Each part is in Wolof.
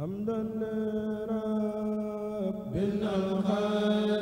حمدا لرب الخير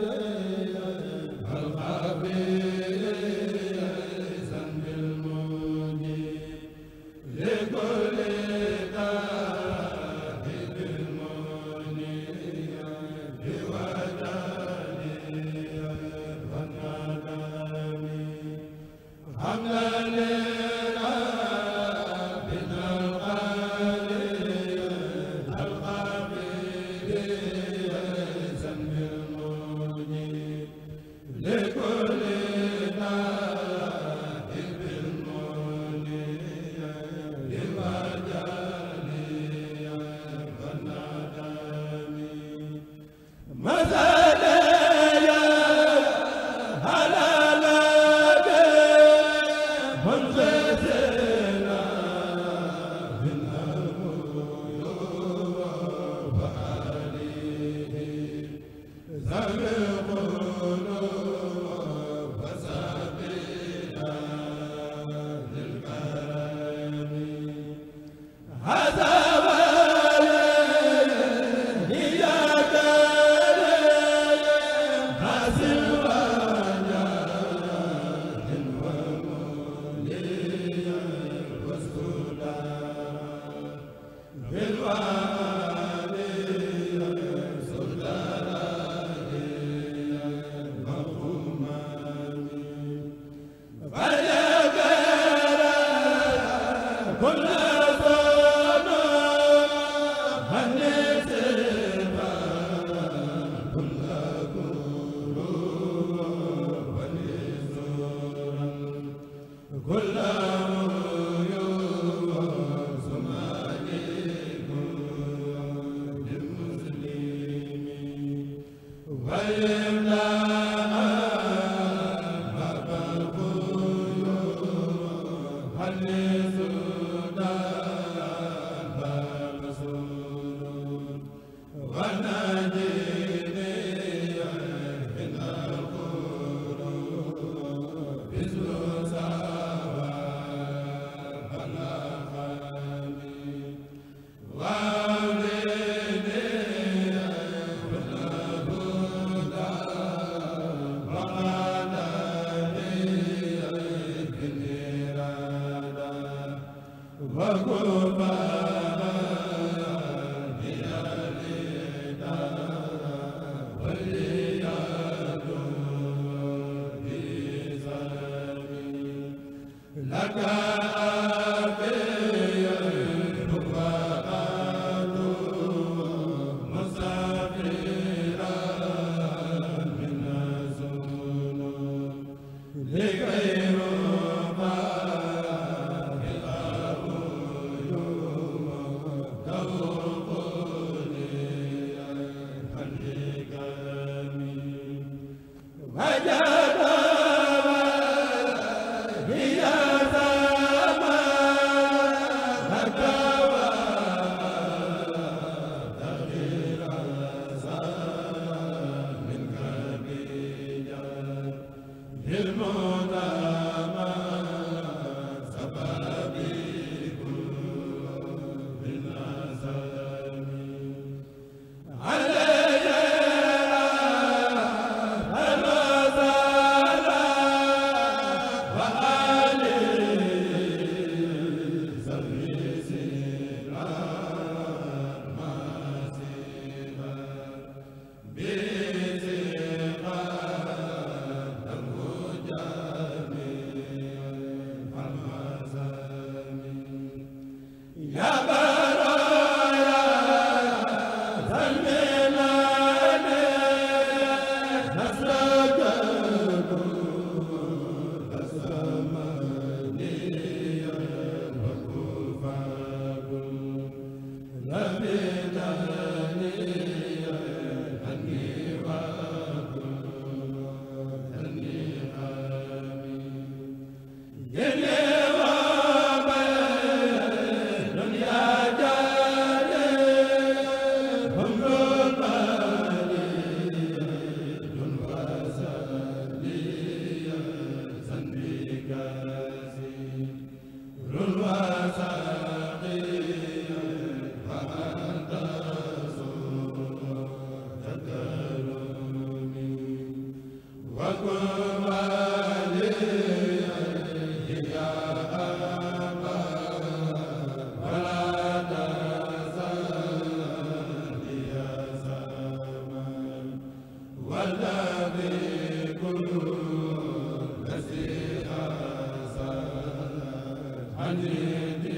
Andi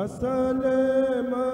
wasalaam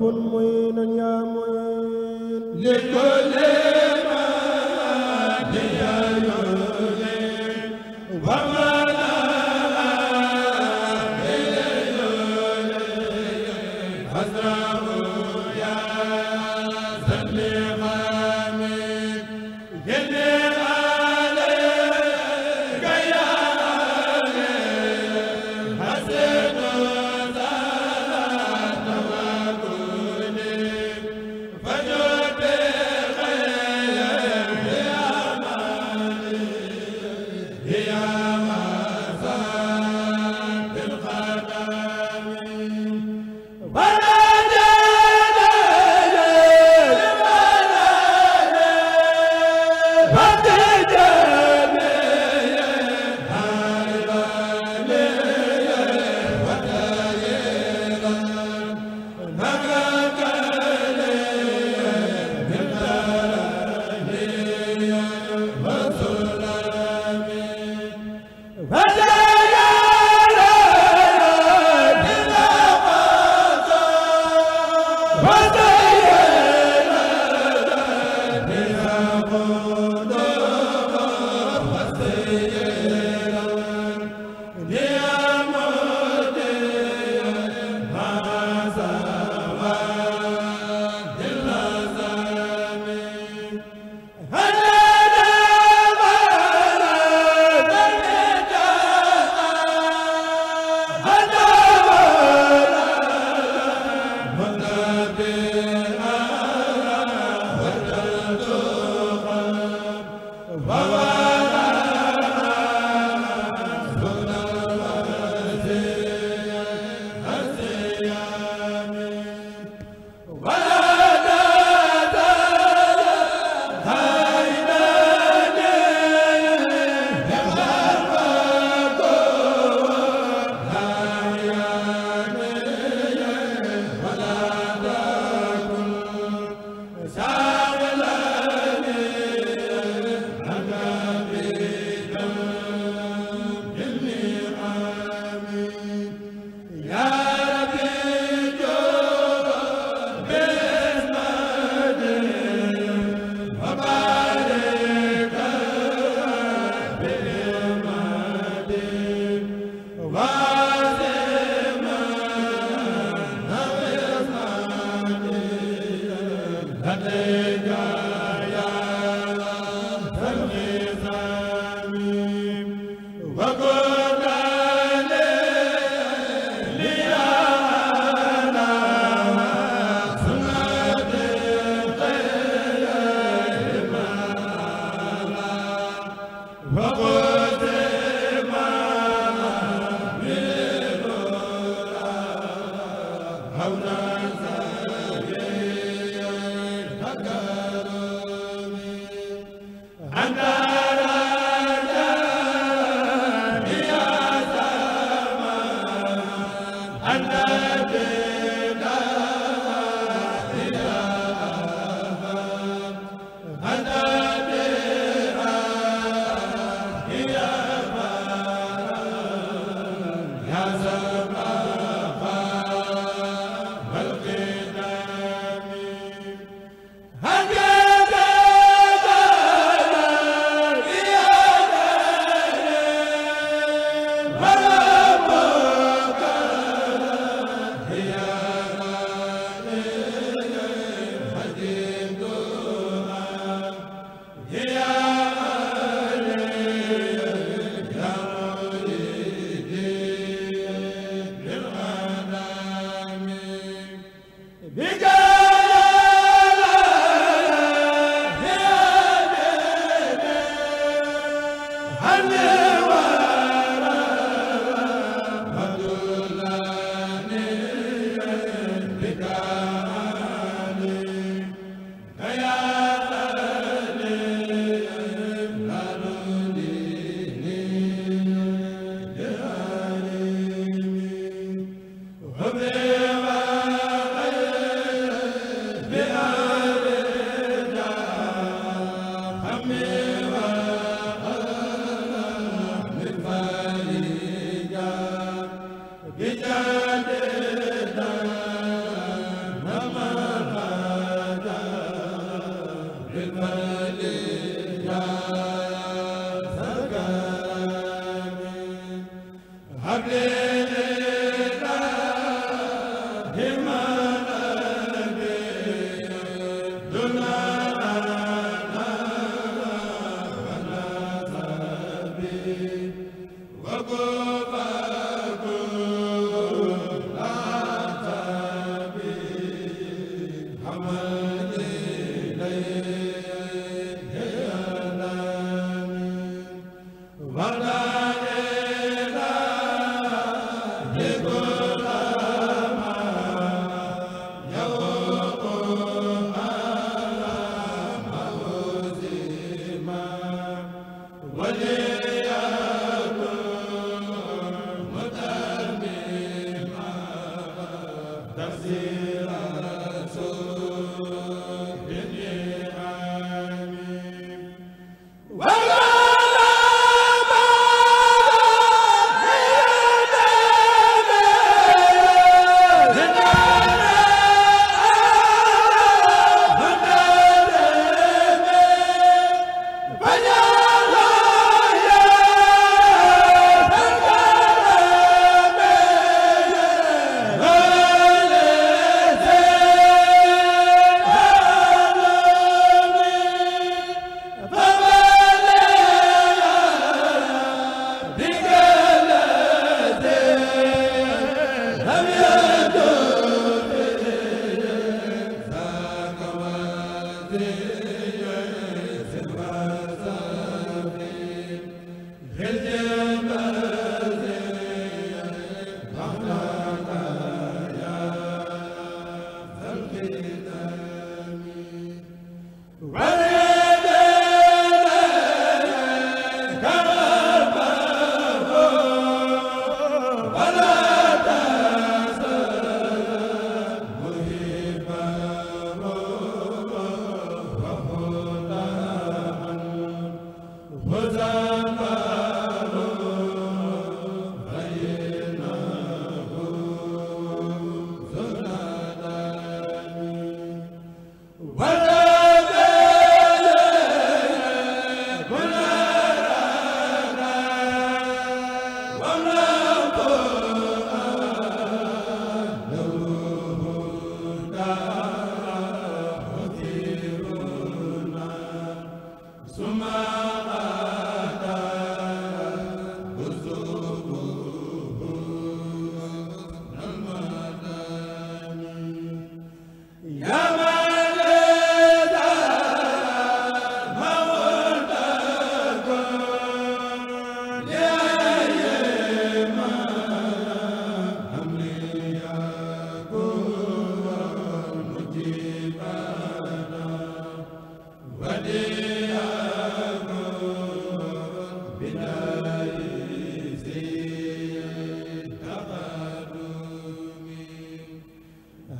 kun mu'inan ya mu'in li kulli ma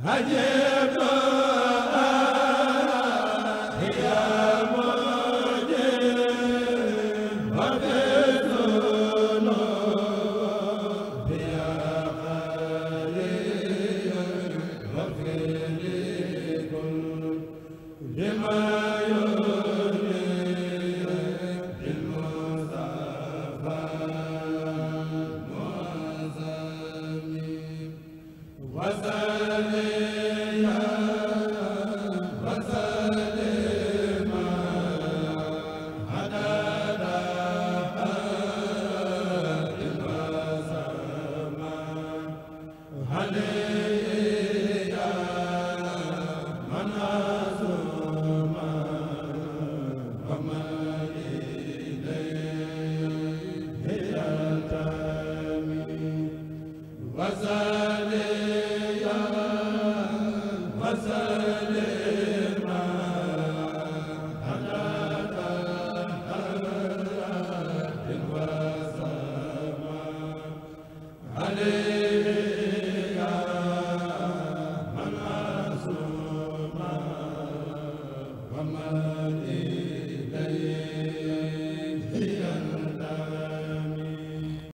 Haje